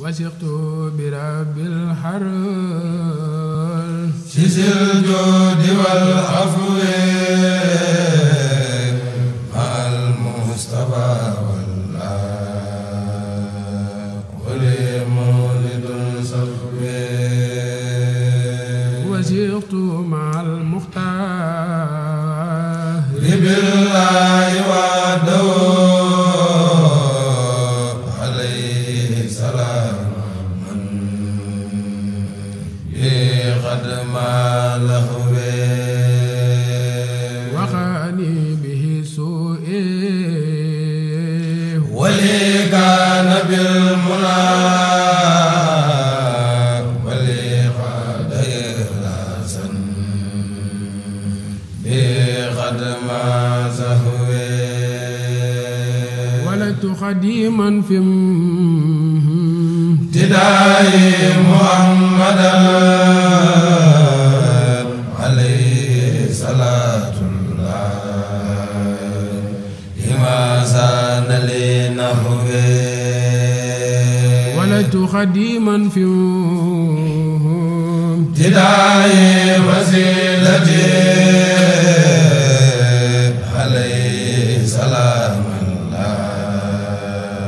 وثقت برب الحرب جزي الجود والعفو مع المصطفى والآل ولمولد صحبه وثقت مع المختار قد ما لهوي وقاني به سوئي ولي كان بالمنى قديما في امتدائي محمدا خديما فيهم تدعي وسيلتي عليه سلام الله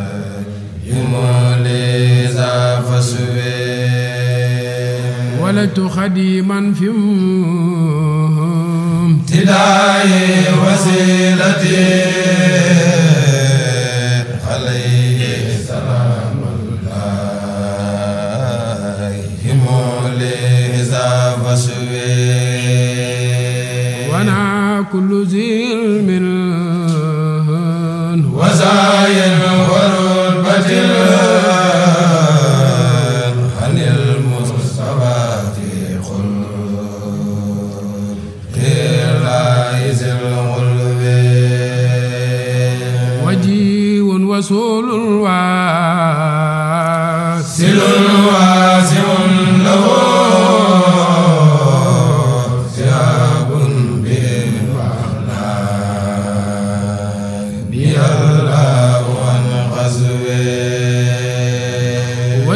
يمولي ذا فسوي ولدت خديما فيهم تدعي وسيلتي كل ذي المنهن وزايا والربة عن المصطفى خل غير عايز الغلب وجيه وصول الوعي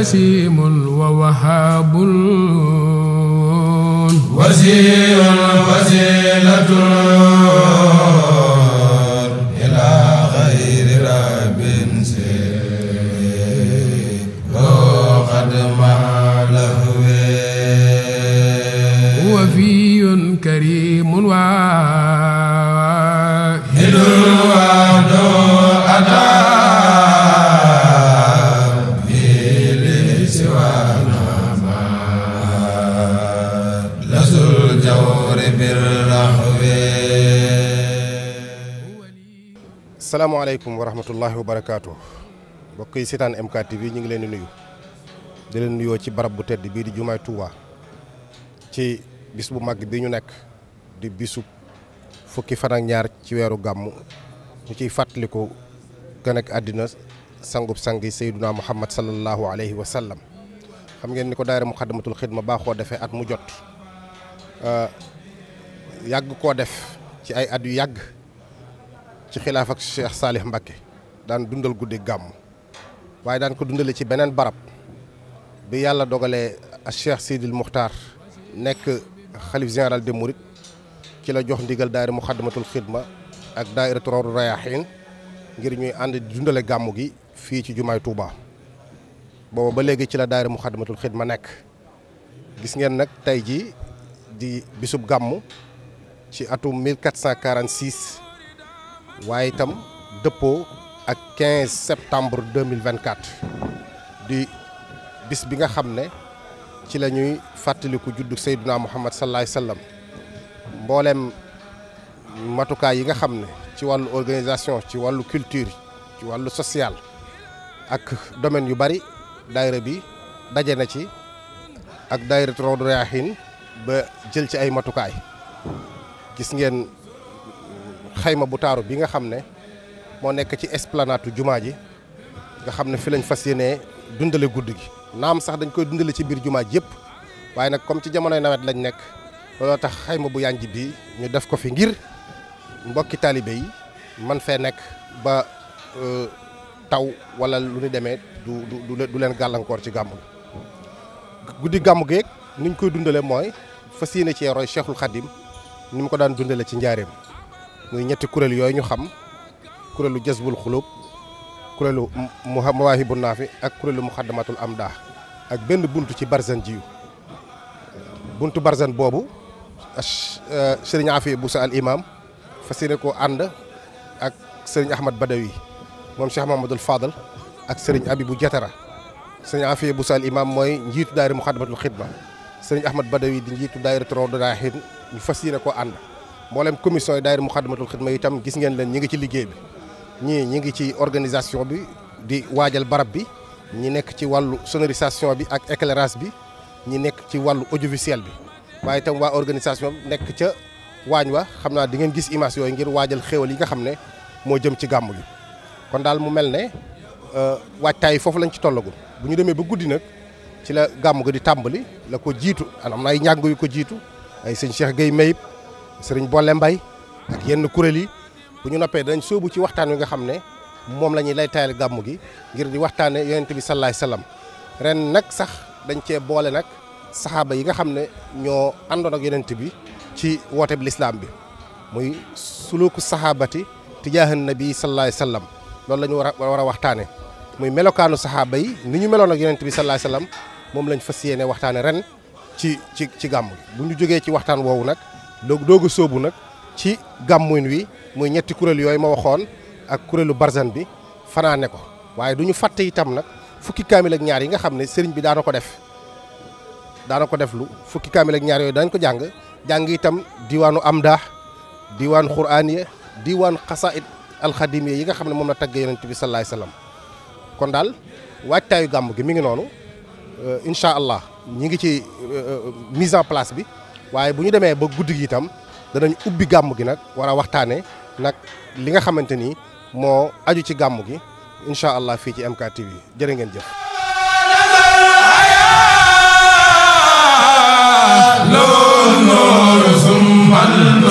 وسيم ووهاب وزير وسيلة aleykum wa rahmatullahi wa barakaatu mbokk yi seetaan MK TV ñu ngi leen di nuyu di leen nuyoo ci barab bu tedd bii di jumaay Touba ci bis bu mag bi ñu nekk di bisu fukki fan ñaar ci weeru gàmmu ñu ciy fàttaliku gën ak àddina sangub sang yi sayduna muhammad sallallahu alayhi wa sallam xam ngeen ni ko daayira muxaddamatul xidma baaxoo defee at mu jot yàgg koo def ci ay at yu yàgg ci xilaaf ak Cheikh Salih Mbacké daan dundal guddi gàmm waaye daan ko dundale ci beneen barab bi yàlla dogalee Cheikh Sidil Muxtaar nekk xalif général des Mourides ci la jox ndigal daayira Muxaddamatul Xidma ak daayira Turoru Rayaxiin ngir ñuy ànd dundale gàmm gi fii ci jumaay Touba booba ba léegi ci la daayira Muxaddamatul Xidma nekk gis ngeen nag tey jii di bisub gàmm ci atum 1446 waaye itam dëppoo ak 15 septembre 2024 di bis bi nga xam ne ci la ñuy fàttaliku juddu Seyduna Muhammad sallallahu alayhi wasallam mbooleem matukaay yi nga xam ne ci wàllu organisation ci wàllu culture ci wàllu social ak domaine yu bari daayira bi daje na ci ak daayira Rawdu Rayaahiin ba jël ci ay matukaay gis ngeen xayma bu taaru bi nga xam ne moo nekk ci esplanade jumaa ji nga xam ne fi lañ fas yéenee dundale guddi gi naam sax dañ koy dundale ci biir jumaa ji yëpp waaye nag comme ci jamonoy nawet lañ nekk looloo tax xayma bu yànj bi ñu def ko fi ngir mbokki taalibe yi man fee nekk ba euh, taw walla lu ñu demee du du leen gàllankoor ci gàmmu guddi gàmmu geeg ni ñu koy dundale mooy fas yéene cee roy Cheikhul Khadim ni mu ko daan dundale ci njaareem muy ñetti kuréel yooyu ñu xam kuréelu jazbul xulub kuréelu mawaahibu naafi ak kuréelu muxaddamatul amdah ak benn buntu ci barzan jiyu buntu barzan boobu sëriñ euh, Afi Boussa al imam fas yéene koo ànd ak sëriñ Ahmad Badawi moom Cheikh Mahamadul Fadal ak sëriñ bu Jatara sëriñ bu Boussa al imam mooy njiitu daayira muxaddamatul xidma sëriñ Ahmad Badawi di njiitu daayira Rawdu Rayaahiin ñu fas yéene koo ànd mboolem commission yi daayira Muxaddamatul Xidma itam gis ngeen leen ñi ngi ci liggéey bi ñii ñi ngi ci organisation bi di waajal barab bi ñi nekk ci wàllu sonorisation bi ak éclairage bi ñi nekk ci wàllu audiovisuel bi waaye tam waa organisation nekk ca waañ wa xam naa di ngeen gis image yooyu ngir waajal xéwal yi nga xam ne moo jëm ci gàmmu bi kon daal mu mel ne euh, waajtaay foofu lañ ci tollagul bu ñu demee ba guddi nag ci la gàmmu gi di tàmbali la ko jiitu am ay ñàngu yu ko jiitu ay sëñ Cheikh Gueye Mayib sëriñ boole Mbay ak yenn kuréel yi bu ñu noppee dañ soobu ci waxtaan wi nga xam ne moom la ñuy lay tayal gàmmu gi ngir di waxtaane yonent bi salaay salaam ren nag sax dañ cee boole nag saxaaba yi nga xam ne ñoo àndoon ak yonent bi ci woote bi lislaam bi muy suluku saxaabati tijaahan nabi salaay salaam loolu la ñu war a war a waxtaane muy melokaanu saxaaba yi ni ñu meloon ak yonent bi salaay salaam moom lañ fas yéene waxtaane ren ci ci ci gàmm gi jógee ci waxtaan woowu nag donc doogu a sóobu nag ci gàmmuñ wi muy ñetti kuréel yooyu ma waxoon ak kuréelu barzan bi fanaane ko waaye du ñu fàtte itam nag fukki kaamil ak ñaar yi nga xam ne sëriñ bi daana ko def daana ko def lu fukki kaamil ak ñaar yooyu daañ ko jàng jàng itam diwaanu amdah diwaan quraaniya diwaan xasaid alxadimiya yi nga xam ne moom la tagge yonent bi salaay salaam kon daal waajtaayu gàmm gi mi ngi noonu euh, incha allah ñi ngi ci euh, euh, mise en place bi waaye bu ñu demee ba guddi gi itam danañ ubbi gàmm gi nag war a waxtaanee nag li nga xamante ni moo aju ci gàmm gi incha allah fii ci MKTV jërë ngeen jëf. loolu